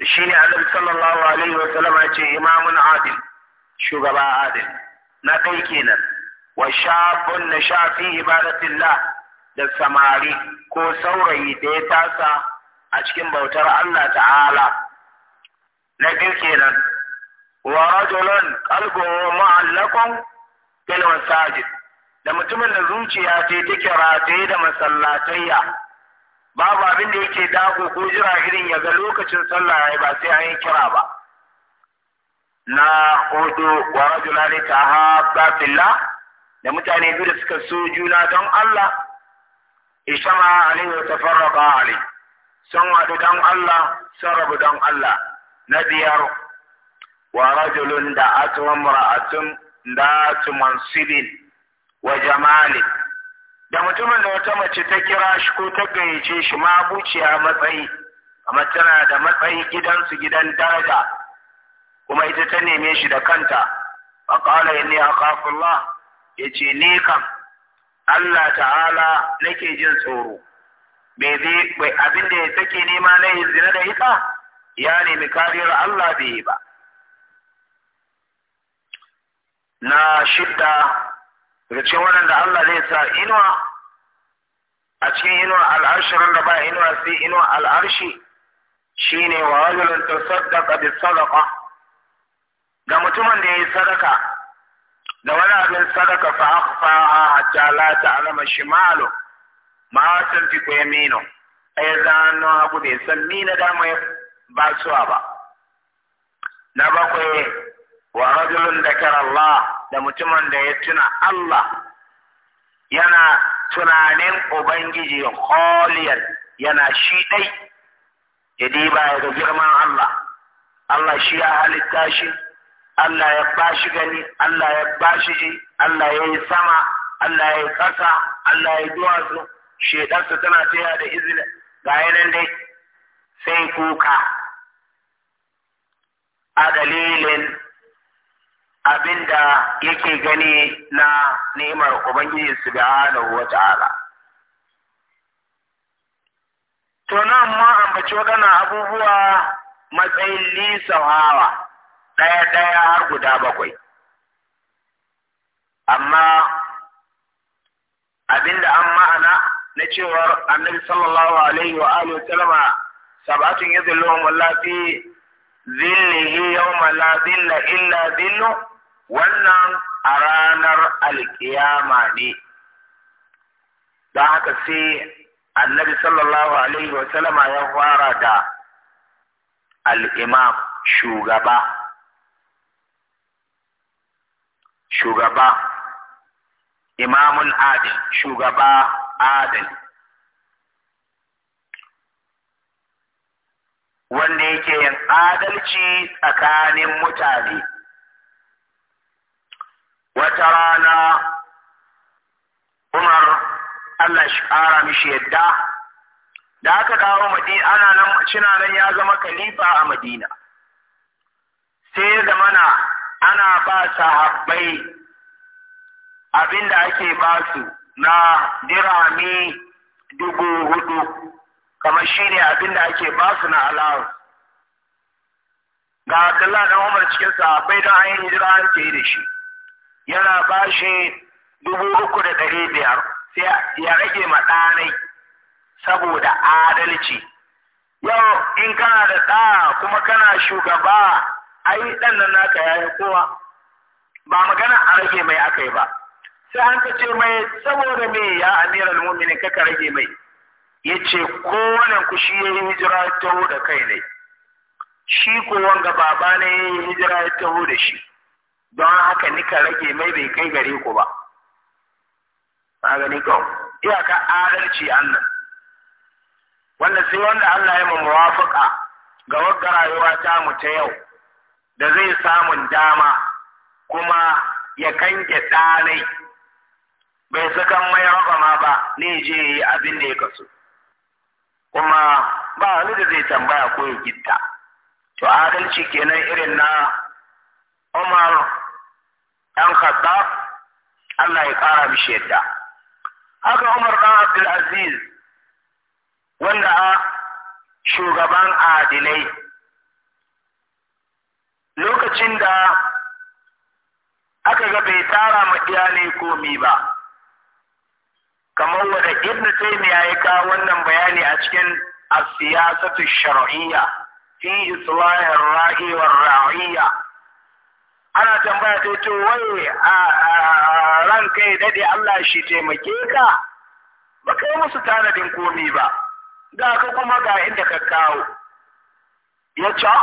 S1: Shi ne Adam sallallahu Alaihi wasallam ce imamun adil, shugaba adil, na kai kenan, wa shafin na shafi ibadatillah da samari ko saurayi da ya tasa a cikin bautar Allah ta'ala. Na biyu kenan, wa rajulun qalbuhu ma'allaqun masajid da mutumin da zuciya ce take rataye da masallatayya babu abin da yake dago ko jira irin ya ga lokacin sallah yayi ba sai an yi kira ba na hudu wa rajulani tahabba fillah da mutane biyu da suka so juna don Allah ishama alaihi wa tafarraqa alaihi sun wadu don Allah sun rabu don Allah na biyar wa rajulun da atuwa mura'atun da wa da mutumin da wata mace ta kira shi ko ta gayyace shi ma buciya matsayi amma tana da matsayi gidansu gidan daraja kuma ita ta neme shi da kanta fa qala inni akhafu ya yace ni kam Allah ta'ala nake jin tsoro Me zai abin take nema na zina da ita ya nemi kariyar Allah bai ba na shidda daga cikin waɗanda Allah zai sa inuwa a cikin inuwa al'arshirin da ba inuwa sai inuwa al'arshi shine wa rajulun sadaka da sadaka ga mutumin da ya yi sadaka da wani abin sadaka fa a akhfaha ta alama shi malo ma san mino? A yaminu ai zanu abu da san mina da ya ba suwa ba na bakwai wa rajulun dakara Allah da mutumin da ya tuna Allah yana tunanin Ubangiji holiyar yana shi ɗai ya diba ya ga girman Allah Allah shi ya halitta shi Allah ya ba shi gani Allah ya ba shi ji Allah ya yi sama Allah ya yi ƙasa Allah ya yi duwatsu shedarsa tana taya da izini ga yanayin dai sai kuka a dalilin abinda yake gani na ni'imar Ubangiji subhanahu wa ta'ala. To nan ma ambaci waɗannan abubuwa matsayin lisawawa ɗaya-ɗaya har guda bakwai. Amma abinda an ma'ana na cewar annabi sallallahu alaihi wa alihi wa sallama sab'atun yadda Allah fi yau yawma la na illa dhilluh wannan a ranar alkiyama ne don haka sai annabi sallallahu alaihi wasallama ya fara da al'imam shugaba shugaba imamun adil shugaba adil wanda yake yin adalci tsakanin mutane wata rana Umar Allah shi ƙara mishi yadda da aka dawo Madina ana nan cina nan ya zama kalifa a Madina sai ya na ana ba sahabbai abinda ake ba su na dirami dubu hudu kamar shine abinda ake ba su na alawar ga Abdullahi na Umar cikin sahabbai don an yi hijira an da shi yana ba shi dubu uku da ɗari biyar sai ya rage maɗanai saboda adalci yau in kana da ɗa kuma kana shugaba ai ɗan nan naka yi kowa ba magana a rage mai aka yi ba sai an ka ce mai saboda me ya amiral mu'minin kaka rage mai Ya yace kowane ku shi ya yi hijira ta da kai ne shi ko wanga baba ne yayi hijira ta da shi don haka nika rage mai bai kai gare ku ba Ba gani kawai iyaka adalci nan. wanda sai wanda Allah ya muwafaka ga wata rayuwa ta mu ta yau da zai samun dama kuma ya kange ɗanai bai sakan mai ma ba ne je yi abin da ya kaso kuma ba wani da zai tambaya ko ya gitta to adalci kenan irin na Umar ɗan Khattab Allah ya ƙara mishi yadda. Haka Umar ɗan Abdul wanda a shugaban adilai lokacin da aka ga bai tara ma iyalai komi ba. kamar wadda ibn taymiya ya ka wannan bayani a cikin as-siyasatu shar'iyya fi islahir ra'i war ra'iyya ana tambaya ta to wai a ran kai dade Allah shi taimake ka ba kai musu tanadin komi ba ga ka kuma ga inda ka kawo ya ce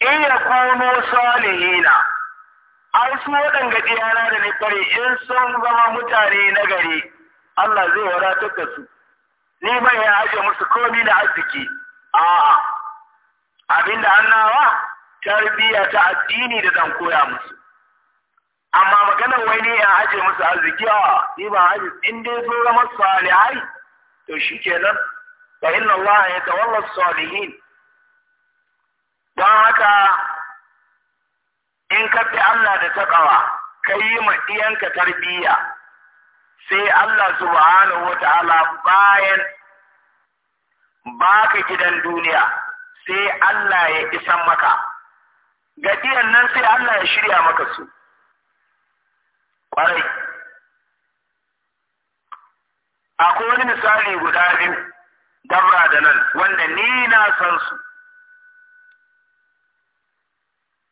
S1: in ya kuno salihina ai su waɗanga ɗiyana da nufari in sun zama mutane na gari Allah zai wadatar da su ni mai ya ajiye musu komi na arziki a'a abinda annawa tarbiyya ta addini da zan koya musu amma maganar wai ne ya aje musu arziki a ni ba aje in dai sun zama salihai to shi kenan fa inna Allah ya tawalla salihin don haka in ka fi Allah da takawa ka yi ma ɗiyanka tarbiyya sai Allah subhanahu wa ta'ala bayan ka gidan duniya sai Allah ya isan maka gajiyar nan sai Allah ya shirya maka su kwarai akwai wani misali guda biyu dabra da nan wanda ni na san su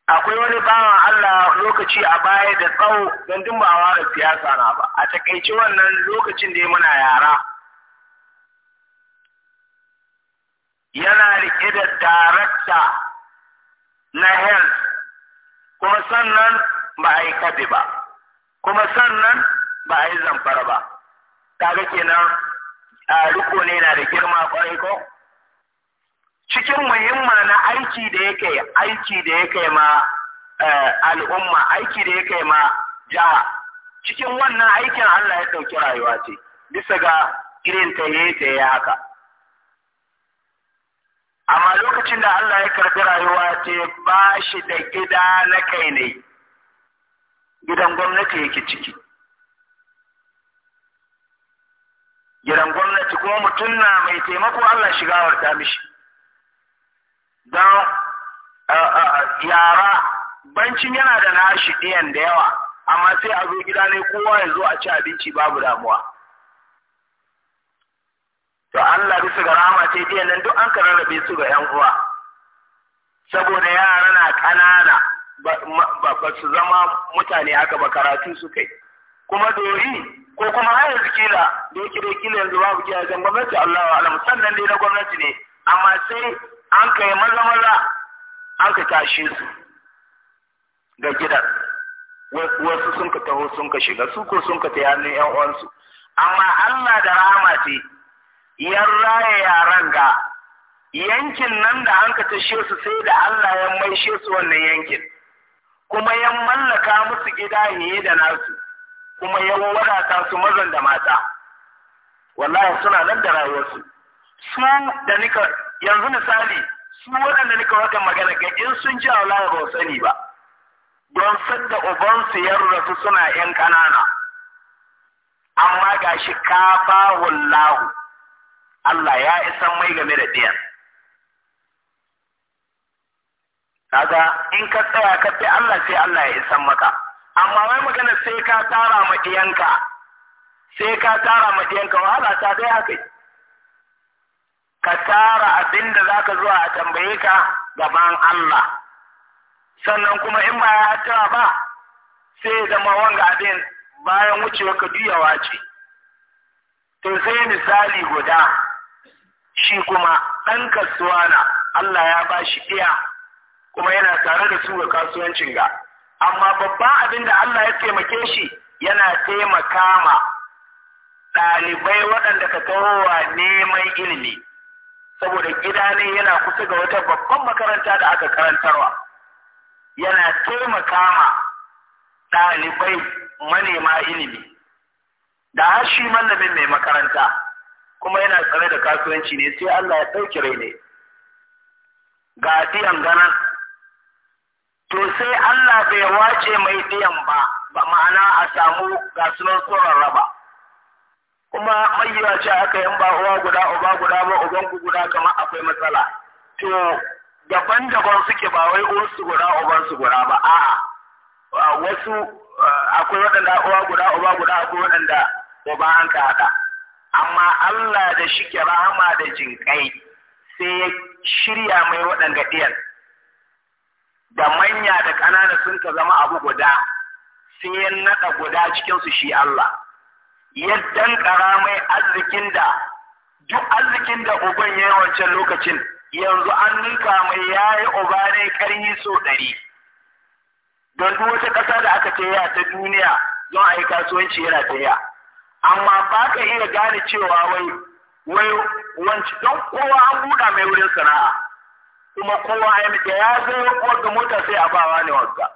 S1: akwai wani bawan Allah lokaci a baya da tsawo don dun ba ware siyasa na ba a takaice wannan lokacin da ya muna yara yana rike da darakta na health kuma sannan ba a yi kabe ba kuma sannan ba a yi zamfara ba kaga kenan a riko ne na da girma kwarai ko cikin muhimma na aiki da yake aiki da yake ma eh, al'umma aiki da yake ma jaha cikin wannan aikin Allah ya ɗauki rayuwa ce bisa ga irin ta ya haka amma lokacin da Allah ya karbi rayuwa ce ba shi da gida na kai ne gidan gwamnati yake ciki gidan gwamnati ko mutum na mai taimako Allah shiga warta mishi don yara bancin yana da nashi ɗiyan da yawa amma sai a zo gida ne kowa ya zo a ci abinci babu damuwa to Allah bisa ga rahama ce biyan nan duk an rarrabe su ga yan uwa saboda yara na ƙanana ba su zama mutane haka ba karatu su kai kuma dori ko kuma har yanzu kila da yake kila yanzu babu gidajen gwamnati Allah wa alam sannan dai na gwamnati ne amma sai an kai maza maza an ka tashi su da gidan wasu sun ka taho sun ka shiga su ko sun ka tayi hannun yan uwansu amma Allah da rahama ce yan raya yaran ga yankin nan da an ka tashe su sai da Allah ya maishe su wannan yankin kuma yan mallaka musu gida ne da nasu kuma ya wadata su mazan da mata wallahi suna nan da rayuwarsu su da nika yanzu misali su waɗanda nika wata magana ga in sun ji wallahi ba sani ba don sadda ubansu ya rasu suna yan ƙanana amma gashi ka ba wallahu Allah ya isan mai game da ɗiyan. Kaga in ka tsaya ka fi Allah sai Allah ya isan maka. Amma wai magana sai ka tara ma ɗiyanka, sai ka tara ma ɗiyanka wahala ta dai haka. Ka tara abin da za ka zuwa a tambaye ka gaban Allah. Sannan kuma in ba ya tara ba, sai zama wanga abin bayan wucewa ka juyawa ce. To sai misali guda. shi kuma ɗan kasuwa na Allah ya ba shi ɗaya kuma yana tare da su ga kasuwancin ga amma babban abin da Allah ya taimake shi yana taimaka ma ɗalibai waɗanda ka tawowa neman ilimi saboda gida ne yana kusa ga wata babban makaranta da aka karantarwa yana taimaka ma ɗalibai manema ilimi da har shi mallamin mai makaranta kuma yana tsare da kasuwanci ne sai Allah ya ɗauki rai ne ga diyan gana to sai Allah bai wace mai diyan ba ba ma'ana a samu ga sunan tsoron raba kuma mayuwa ce aka yin ba uwa guda uba guda ba uban guda kamar akwai matsala to daban-daban suke ba wai su guda uban su guda ba a'a wasu akwai waɗanda uwa guda uba guda akwai waɗanda ba an ka haɗa amma Allah da shi ke rahama da jinƙai sai ya shirya mai waɗanda ɗiyar da manya da ƙanana sun ka zama abu guda sun yi naɗa guda cikinsu shi Allah ya danƙara mai arzikin da duk arzikin da uban ya yi wancan lokacin yanzu an ninka mai ya yi uba ne ƙarni so ɗari don duk wata ƙasa da aka ce ta duniya don a yi kasuwanci yana ta amma ba ka iya gane cewa wai wai don kowa an buɗa mai wurin sana'a kuma kowa ya da ya zo wata mota sai a bawa ne wanda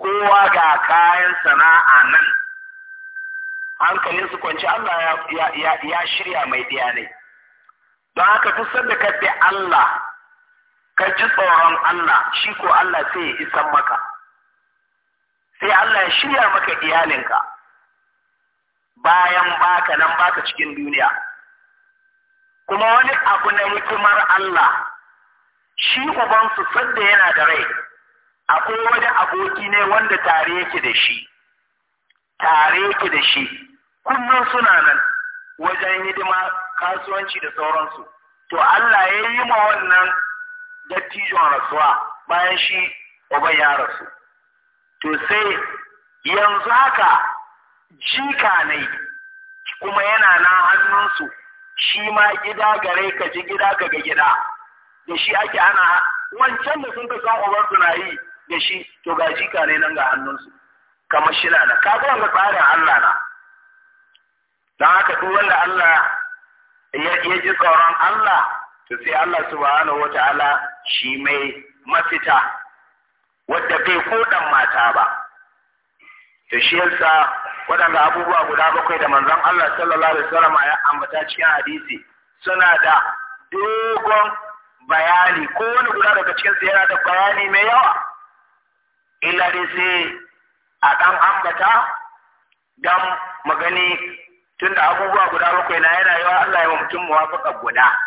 S1: kowa ga kayan sana'a nan hankalin su kwanci Allah ya shirya mai ɗiya ne don haka duk sanda ka bi Allah ka ji tsoron Allah shi ko Allah sai ya isan maka sai Allah ya shirya maka iyalinka bayan baka nan baka cikin duniya kuma wani abu na hikimar Allah shi ubansu sadda yana da rai akwai wani aboki ne wanda tare yake da shi tare yake da shi kullum suna nan wajen hidima kasuwanci da sauransu to Allah ya yi ma wannan dattijon rasuwa bayan shi uban ya rasu to sai yanzu haka jika ne kuma yana na hannunsu shi ma gida gare ka ji gida ka ga gida da shi ake ana wancan da sun ka san suna yi da shi to ga jika ne nan ga hannunsu kamar shi na kaga wanda tsarin Allah na don haka duk wanda Allah ya ji tsoron Allah to sai Allah subhanahu wata ala, shi mai mafita wadda bai ko mata ba to shi yasa waɗanda abubuwa guda bakwai da manzon Allah sallallahu alaihi wasallam ya ambata cikin hadisi suna da dogon bayani ko wani guda daga cikin su yana da bayani mai yawa illa dai sai a ɗan ambata dan magani tunda abubuwa guda bakwai na yana yawa Allah ya wa mutum muwafaka guda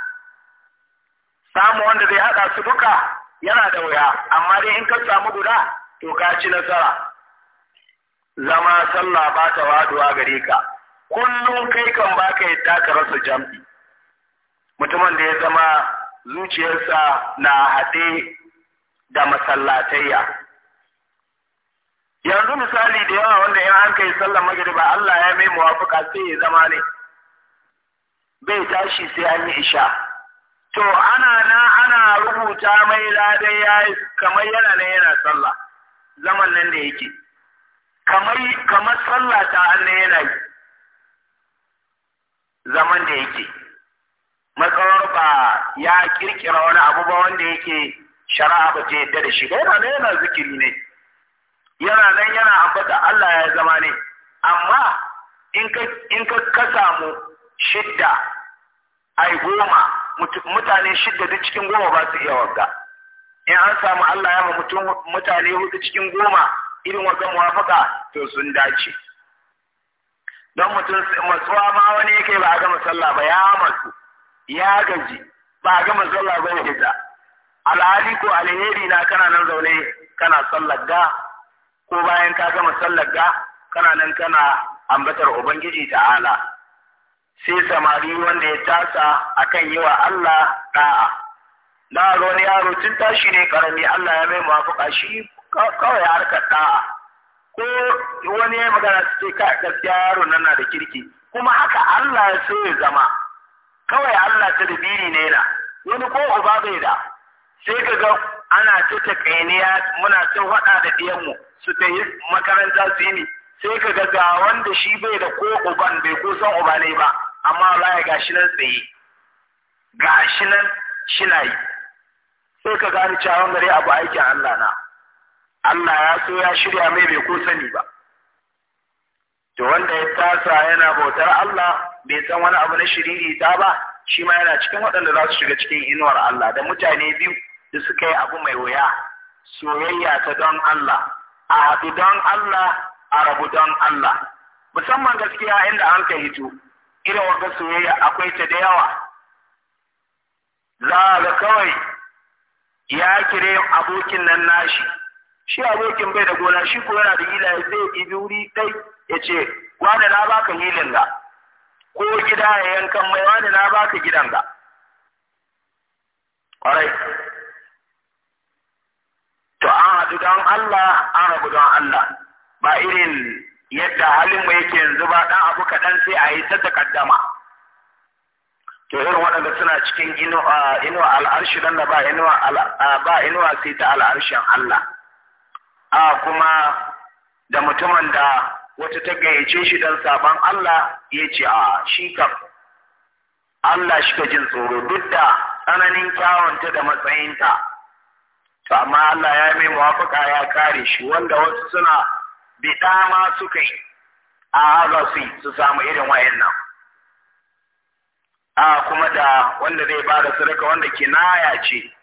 S1: samu wanda zai haɗa su duka yana da wuya amma dai in ka samu guda to ka ci nasara zama sallah ba ta waduwa gare ka kullum kai kan ba ka yadda ka rasa jam'i mutumin da ya zama zuciyarsa na haɗe da masallatayya yanzu misali da yawa wanda in an kai sallar magriba Allah ya mai muwafuka sai ya zama ne bai tashi sai an yi isha to ana na ana rubuta mai ladai ya kamar yana ne yana sallah zaman nan da yake kamar kamar sallah ta hannu yana yi zaman da yake matsawar ba ya kirkira wani abu ba wanda yake shari'a ba ce yadda da shi ba yana yana zikiri ne yana nan yana ambata Allah ya zama ne amma in ka ka samu shidda ai goma mutane shidda duk cikin goma ba su iya wagga in an samu Allah ya ma mutum mutane hudu cikin goma irin wata muwafaka to sun dace don mutum matsuwa ma wani yake ba a gama sallah ba ya matsu ya gaji ba a gama sallah ba hita alhali ko alheri na kana nan zaune kana sallar ga ko bayan ka gama sallar ga kana nan kana ambatar ubangiji ta'ala sai samari wanda ya tasa akan yi wa Allah da'a na ga wani yaro tun tashi ne karami Allah ya mai muwafaka shi kawai harkar ɗa'a ko wani ya magana su ce gaskiya yaro nan na da kirki kuma haka Allah ya so ya zama kawai Allah ta da biri ne na wani ko uba bai da sai ka ga ana ta kainiya muna ta faɗa da ɗiyanmu su ta yi makaranta su yi sai ka ga ga wanda shi bai da ko uban bai ko san uba ne ba amma Allah ya gashi nan tsaye gashi nan shi na yi sai ka gani cewa gare abu aikin Allah na Allah ya so ya shirya mai bai ko sani ba to wanda ya tasa yana bautar Allah bai san wani abu na shiriri ta ba shi ma yana cikin waɗanda za su shiga cikin inuwar Allah da mutane biyu da suka yi abu mai wuya soyayya ta don Allah a haɗu don Allah a rabu don Allah musamman gaskiya inda an ka hito irin wata soyayya akwai ta da yawa za ga kawai ya kire abokin nan nashi shi abokin bai da gona shi ko yana da hila zai sai ibi wuri dai ya ce wani na baka hilin ga ko gida ya yankan mai wani na baka gidan ga ƙwarai to an haɗu don Allah an rabu don Allah ba irin yadda halin mu yake yanzu ba ɗan abu kaɗan sai a yi ta takaddama to irin waɗanda suna cikin inuwa al'arshi don da ba inuwa sai ta al'arshin Allah a kuma da mutumin da wata ta gayyace shi dan sabon Allah ya ce a shi kam Allah shi ka jin tsoro duk da tsananin kyawunta da matsayinta to amma Allah ya mai muwafaka ya kare shi wanda wasu suna bi ma suka yi a za su su samu irin nan. a kuma da wanda zai bada da sadaka wanda kinaya ce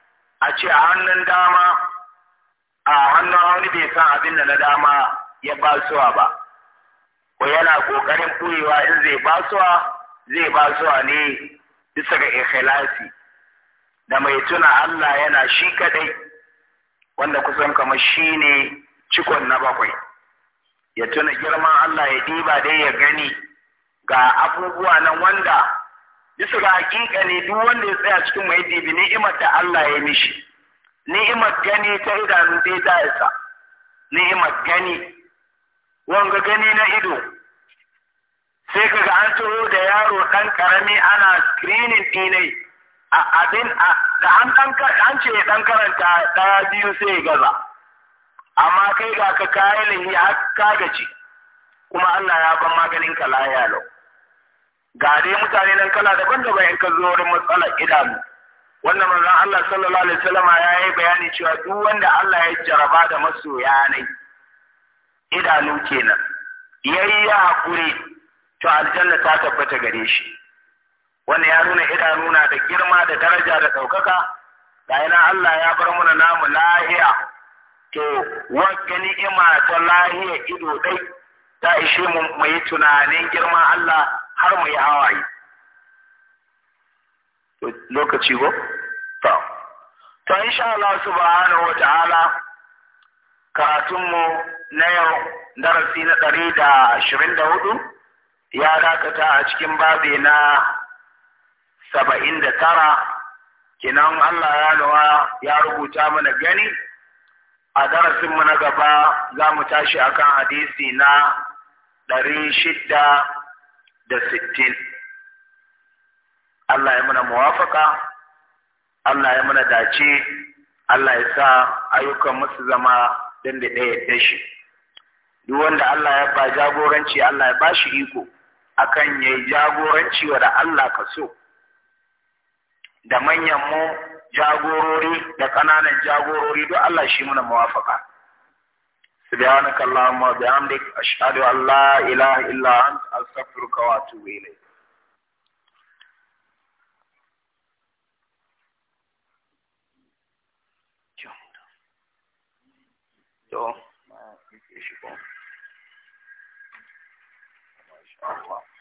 S1: a ce a hannun dama a hannun wani bai san abin da na dama ya basuwa ba ko yana kokarin ɓuyewa in zai basuwa zai basuwa ne bisa ga ikhlasi da mai tuna Allah yana shi kadai wanda kusan kamar shi ne cikon na bakwai ya tuna girman Allah ya diba dai ya gani ga abubuwa nan wanda bisa ga hakika ne duk wanda ya tsaya cikin mai dibi ni'imar da Allah ya mishi ni'imar gani ta idanu dai ta isa ni'imar gani wanga gani na ido sai kaga an tuho da yaro ɗan ƙarami ana screening ɗinai a abin da an an ce ɗan karanta ɗaya biyu sai gaza amma kai ga ka kayan lahi har ka gaci kuma Allah ya ban maganin ka lahiya lau ga dai mutane nan kala daban-daban in ka zo wurin matsalar idanu wannan manzon Allah sallallahu alaihi wasallam ya yi bayani cewa duk wanda Allah ya jaraba da masoya ne idanu kenan yayi ya hakuri to aljanna ta tabbata gare shi wannan ya nuna idanu na da girma da daraja da ɗaukaka da ina Allah ya bar mana namu lahiya to ni ima ta lahiya ido dai ta ishe mu mu yi tunanin girman Allah har mu yi hawaye lokaci ko to to insha Allah subhanahu wataala karatun mu na yau darasi na ɗari da ashirin da hudu ya dakata a cikin babi na saba'in da tara kinan Allah ya nawa ya rubuta mana gani a darasinmu na gaba za mu tashi akan hadisi na ɗari shidda da sittin Allah ya muna muwafaka Allah ya muna dace Allah ya sa ayyukan musu zama din da shi duk wanda Allah ya ba jagoranci Allah ya ba shi iko akan yi jagoranci wa da Allah ka so da manyan mu jagorori da ƙananan jagorori duk Allah shi muna muwafaka
S2: سبحانك اللهم وبحمدك
S1: أشهد أن لا إله إلا أنت أستغفرك وأتوب إليك tó máa fi ṣe àwọn.